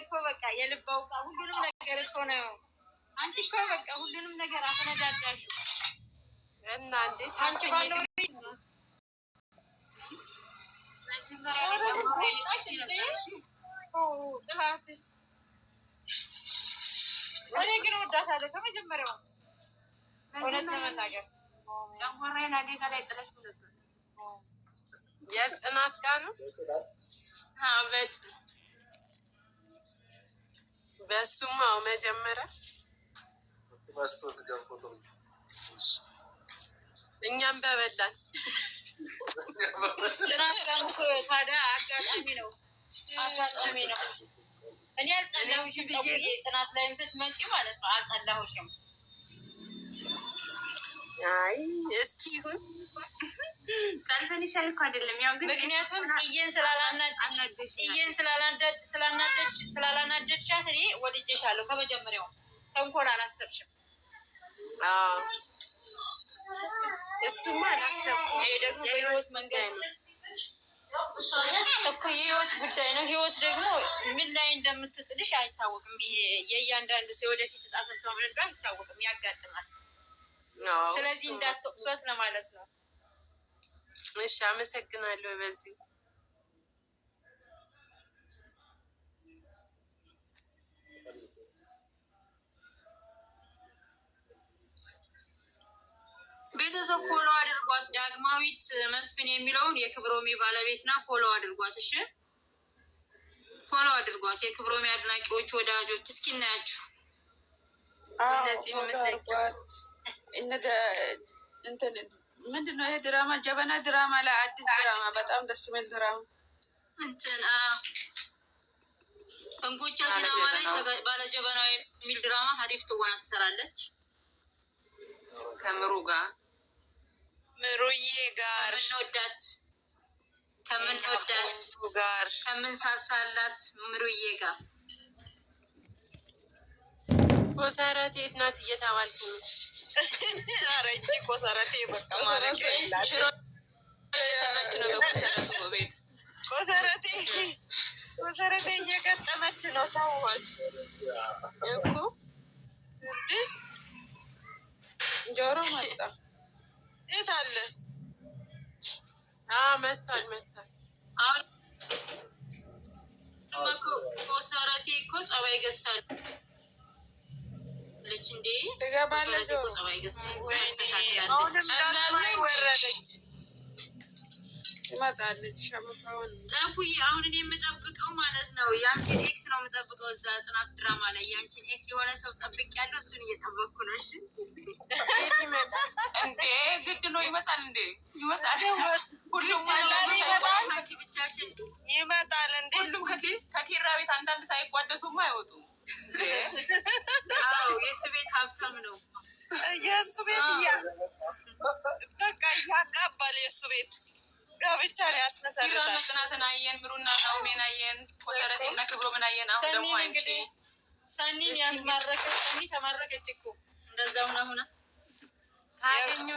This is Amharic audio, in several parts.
እኮ በቃ የልብ አውቃ ሁሉንም ነው። እኮ በቃ ሁሉንም ነገር እኔ ግን ወዳታለሁ ከመጀመሪያው አደጋ ላይ ነበር። የጽናት ጋር ነው በጽናት በሱም አዎ መጀመሪያ እኛም በበላን ታዲያ አጋጣሚ ነው አጋጣሚ ነው። እኔ አልጠላሁሽም ጥናት ላይም ስትመጪ ማለት ነው አልጠላሁሽም አይ እስኪ ይሁን ጠልተንሻል እኮ አይደለም። ያው ግን ምክንያቱም ጽዬን ስላላናጽዬን ስላናደድ ስላላናደድሻት እኔ ወድጀሻለሁ። ከመጀመሪያው ተንኮል አላሰብሽም። እሱማ አላሰብኩም። ይሄ ደግሞ በህይወት መንገድ እኮ የህይወት ጉዳይ ነው። ህይወት ደግሞ ምን ላይ እንደምትጥልሽ አይታወቅም። ይሄ የእያንዳንዱ ሰው ወደፊት ጣፈንቶ ምን አይታወቅም፣ ያጋጥማል ስለዚህ እንዳትወቅሷት ለማለት ነው። እሺ፣ አመሰግናለሁ። በዚሁ ቤተሰብ ፎሎ አድርጓት። ዳግማዊት መስፍን የሚለውን የክብሮሜ ባለቤትና ፎሎ አድርጓት። እሺ፣ ፎሎ አድርጓት። የክብሮሜ አድናቂዎች፣ ወዳጆች እስኪ እናያችሁ እነዚህን ምንድን ነው ይሄ ድራማ? ጀበና ድራማ ላይ አዲስ ድራማ፣ በጣም ደስ የሚል ድራማ እንጎቻ ሲናማ ላይ ባለጀበና የሚል ድራማ ሀሪፍ ትወና ትሰራለች ከምሩ ጋር ምሩዬ ጋር ምንወዳት ከምንወዳት ጋር ከምንሳሳላት ምሩዬ ጋር ኮሰረቴ እናት እየተባልኩ ነው። ኧረ እንጂ ኮሰረቴ በቃ ማረግ የሰራች ነው። በኮሰረት ቤት ኮሰረቴ ኮሰረቴ እየገጠመች ነው። ታዋል እኮ እንዴ ጆሮ መጣ። የት አለ? መቷል መቷል። አሁን ኮሰረቴ እኮ ጸባይ ገዝታል። እንዴ ትገባለች። አሁን እኔ የምጠብቀው ማለት ነው ያንቺን ኤክስ ነው የምጠብቀው። እዛ ጽናት ድራማ ላይ ያንቺን ኤክስ የሆነ ሰው ጠብቅ ያለው እሱን እየጠበቅኩ ነው። እሺ እንዴ ግድ ነው ይመጣል። እንዴ ይመጣል ሁሉም ይመጣል። እንደ ሁሉም ከኪራ ቤት አንዳንድ ሳይቋደሱማ አይወጡ የእሱ ቤት ሀብታም ነው። የእሱ ቤት በቃ ያጋባል። የእሱ ቤት ጋብቻ ነው ያስመሰረታል። ጽናትን አየን፣ ምሩና ናውሜን አየን፣ ኮሰረትና ክብሮምን አየን። አሁን ደግሞ አንቺ ሰኒን ያስማረከች ሰኒ ተማረከች እኮ እንደዛው ሆና ሆና ካገኘሁ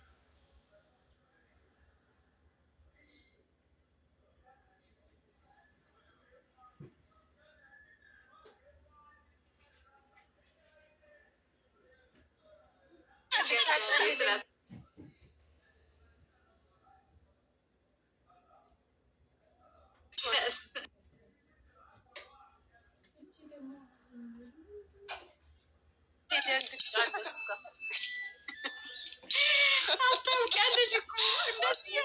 Döndük çarpı suka. ሀብታም ያለሽ እኮ እንደዚህ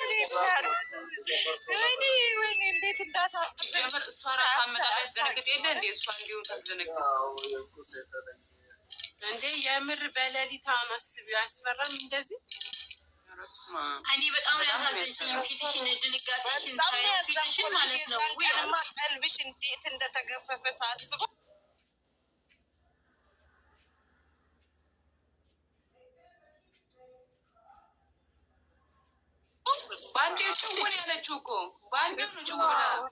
ወይኔ ወይኔ እንዴት እንዳሳምር እሷ ራሱ አመጣጥ ያስደነግጥ የለ እንዴ እሷ እንዲሁ ታስደነግጥ እንዴ የምር በሌሊት አሁን አስቢ አያስፈራም እንደዚህ እኔ በጣም ፊትሽን ድንጋጤሽን ፊትሽን ማለት ነው። ቀልብሽ እንዴት እንደተገፈፈ ሳስበው ባንዴ ጭውን ያለችው እኮ ባንዴ ጭውን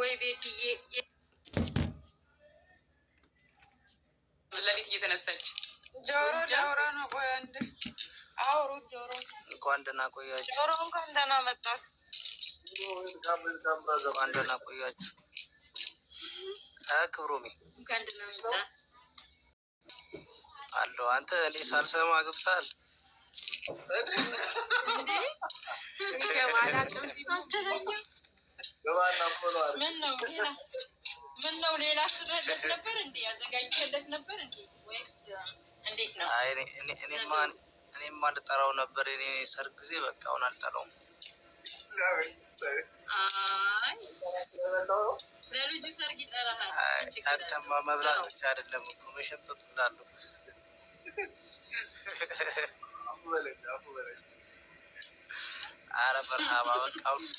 ወይ ቤትዬ ሌሊት እየተነሳች ጆሮ ጆሮ ነው። ቆይ አንድ አውሩት። ጆሮ እንኳን ደህና ቆያችሁ። ጆሮ እንኳን ደህና መጣት። እንኳን ደህና ቆያችሁ። ክብሮሜ አለሁ። አንተ እኔ ሳልሰማ ገብተሃል። ምን ነው ሌላ ስረለት ነበር እንዴ? ያዘጋጀለት ነበር እንዴ? ወይስ እንዴት ነው? እኔማ ልጠራው ነበር እኔ ሰርግ ጊዜ በቃ አሁን አልጠራውም። ለልጁ ሰርግ ይጠራሃል። አንተማ መብላት ብቻ አይደለም እኮ መሸጠቱ ላሉ አረ በርሃማ በቃ ሁሉ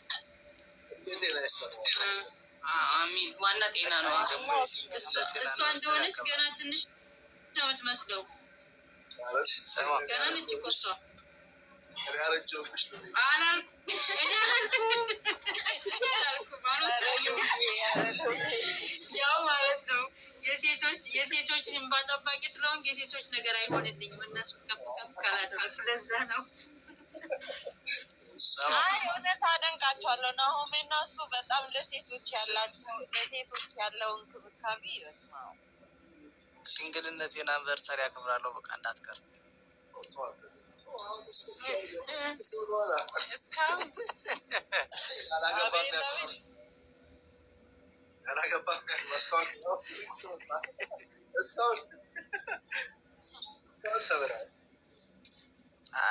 አሚን። ዋና ጤና ነው። እሷ እንደሆነች ገና ትንሽ ነው የምትመስለው። ገና ነች እኮ እሷ። ያው ማለት ነው የሴቶች እንባ ጠባቂ ስለሆንኩ የሴቶች ነገር አይሆንልኝም። እነሱ ከፍ ከፍ ካላደረኩ ለዛ ነው እውነት አደንቃቸዋለሁ። ናሆሜ እና እሱ በጣም ለሴቶች ያላቸው ለሴቶች ያለው እንክብካቤ በስመ አብ። ሲንግልነቴን አንቨርሰሪ አክብራለሁ። በቃ እንዳትቀር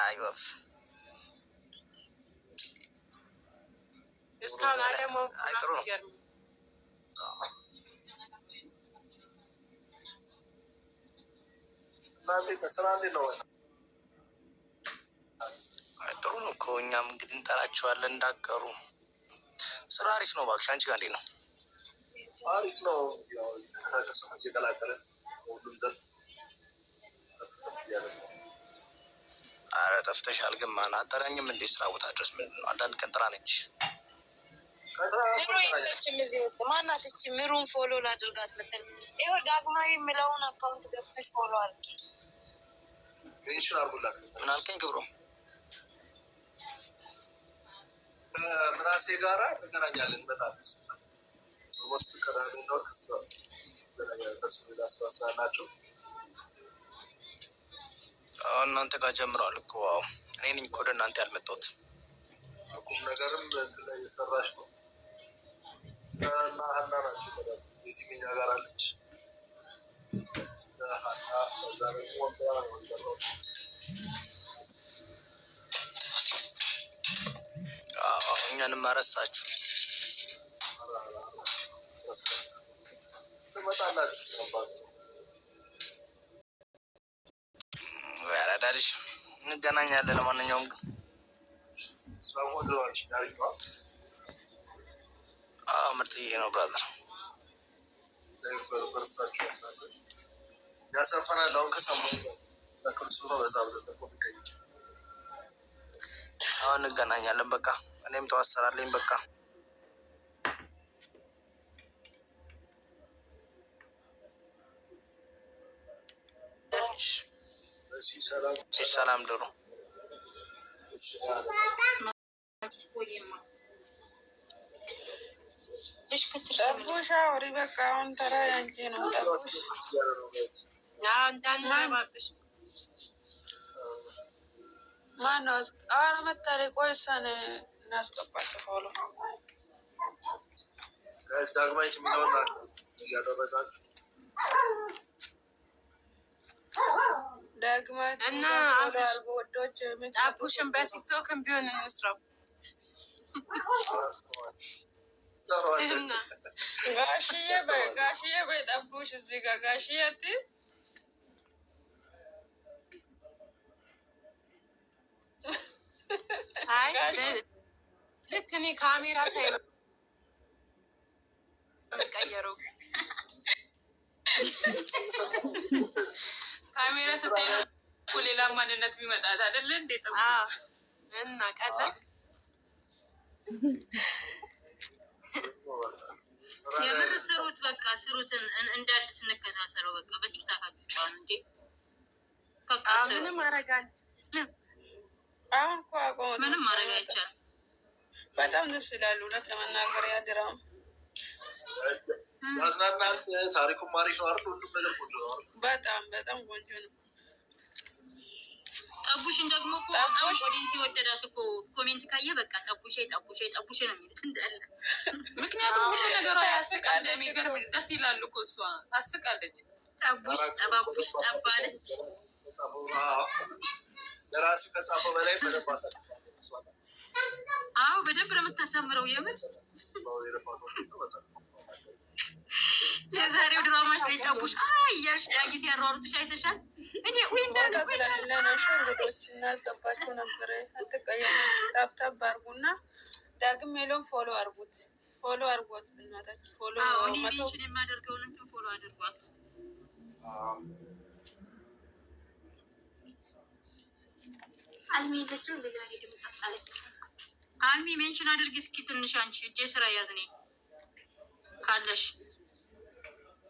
አይ ወፍ እስካሁን አለሞ ሲገርም ጥሩ ነው እኮ እኛም እንግዲህ እንጠራችኋለን እንዳትቀሩ። ስራ አሪፍ ነው። እባክሽ አንቺ ጋር እንዴት ነው? አሪፍ ነው። ኧረ ጠፍተሻል። ግን ማን አጠራኝም እንዴ? ስራ ቦታ ድረስ ምንድን ነው? አንዳንድ ቀን ጥራ ነች ምሩ የለችም እዚህ ውስጥ ማናት? እቺ ምሩን ፎሎ ላድርጋት ምትል ይኸው፣ ዳግማዊ የምለውን አካውንት ገብተሽ ፎሎ አድርጊ። ሜንሽን አድርጉላት። ምን አልከኝ? ግብሮ ምናሴ ጋራ እንገናኛለን። በጣም ስ እናንተ ጋር ጀምረዋል እኮ እኔ ነኝ እኮ ወደ እናንተ ያልመጣሁት ቁም ነገርም ላይ ነው እኛንም አረሳችሁ። ያራዳ ልጅ እንገናኛለን። ለማንኛውም ግን ምርጥዬ ነው ብራዘር። ያሳፈራል። አሁን ከሰሞኑ እንገናኛለን። በቃ እኔም ተዋሰራለኝ። በቃ ሰላም ደሩ ትኩስ አውሪ በቃ አሁን ተራ ያንቺ ነው። ማነው አዋራ መታሪ ቆይ እሷን እናስገባት ፎሎ ዳግማዊት እና አቡሽን በቲክቶክም ቢሆን እንስራው ጋሽዬ ጋሽዬ በይ ጠፉሽ። እዚህ ጋር ጋሽዬ አትይ ሳይ ልክ እኔ ካሜራ ሳይ ቀየረው ካሜራ ስታይ ሌላ ማንነት የሚመጣት አይደለ እንዴ? እና ቀላል የምር ስሩት፣ በቃ ስሩት፣ እንደ አዲስ እንከታተለው። በቃ በቲክታካችሁ ጫኑ እንዴ። ምንም ማድረግ አይቻልም። በጣም ደስ ይላሉ። እውነት ለመናገር ያድራም ያዝናናል። ታሪኩም አሪፍ ነው። በጣም በጣም ቆንጆ ነው። ጠቡሽን ደግሞ እኮ በጣም ኦዲንስ የወደዳት እኮ ኮሜንት ካየ በቃ ጠቡሼ ጠቡሼ ጠቡሼ ነው የሚሉት እንዳለ። ምክንያቱም ሁሉ ነገሯ ያስቃል፣ የሚገርም ደስ ይላል እኮ እሷ ታስቃለች። ጠቡሽ ጠባቡሽ ጠባለች። ለራሱ ከጻፈ በላይ በደንብ አሳ አዎ በደንብ ነው የምታሳምረው የምር የዛሬው ድራማሽ ላይ ጠቡሽ አያሽ ዳጊ ሲያሯሩጥሽ አይተሻል። እኔ ዊንዳጋ ስለሌለ ነው እንግዶች እናስገባቸው ነበር። አትቀየሙ። ታብታብ አርጉና ዳግም ሜሎን ፎሎ አርጉት፣ ፎሎ አርጓት። እናታችሁ ፎሎ አሁን የማደርገውን እንትን ፎሎ አድርጓት። አልሚ የለችም ዛሬ ድምፅ አጣለች። አልሚ ሜንሽን አድርጊ እስኪ ትንሽ አንቺ እጄ ስራ ያዝኔ ካለሽ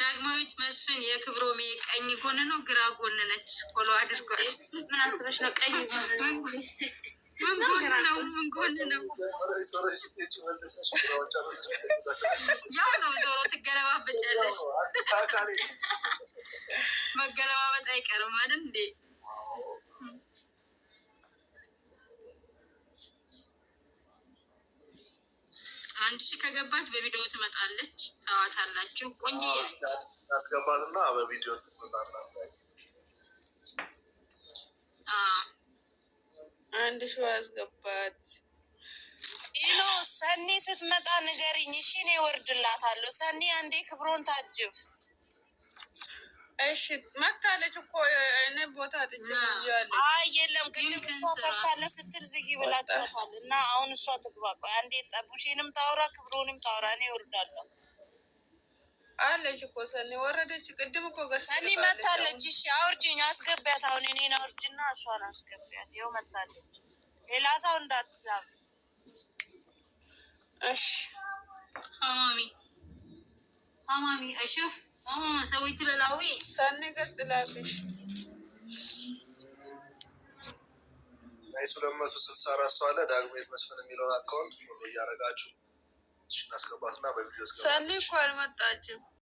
ዳግማዊት መስፍን የክብሮሜ ቀኝ ጎን ነው፣ ግራ ጎን ነች። ፎሎ አድርጓል። ምን አስበሽ ነው? ቀኝ ጎን ነው። ጎን ነው? ምን ጎን ነው? ያው ነው፣ ዞሮ ትገለባበጫለሽ። መገለባበጥ አይቀርም አይደል እንዴ? አንድ ሺ ከገባች በቪዲዮ ትመጣለች። ታዋታላችሁ። ቆንጆ ያስገባትና በቪዲዮ አንድ ሺ አስገባት። ኢሎ ሰኒ ስትመጣ ንገሪኝ። እሺ እኔ ወርድላታለሁ። ሰኒ አንዴ ክብሮን ታጅብ እሺ መታለች እኮ እኔ ቦታ ጥጭ ያለ የለም። ቅድም እሷ ከፍታለች ስትል ዝጊ ብላችኋታል። እና አሁን እሷ ትግባ። አንዴ ጠቡሽንም ታውራ ክብሮንም ታውራ። እኔ እወርዳለሁ አለች እኮ ሰኒ ወረደች። ቅድም እኮ ገ ሰኒ መታለች። እሺ አውርጅኝ፣ አስገቢያት። አሁን እኔን አውርጅና እሷን አስገቢያት። ይኸው መታለች። ሌላ ሰው እንዳትዛብ። እሺ ሀማሚ ሀማሚ እሽፍ ሰው እጅ በላዊ ሳነገስ ጥላትሽ ሁለት መቶ ስልሳ አራት ሰው አለ። ዳግሜት መስፍን የሚለውን አካውንት እያረጋችሁ እናስገባትና በቪዲዮ ሳሌ እኮ አልመጣችም።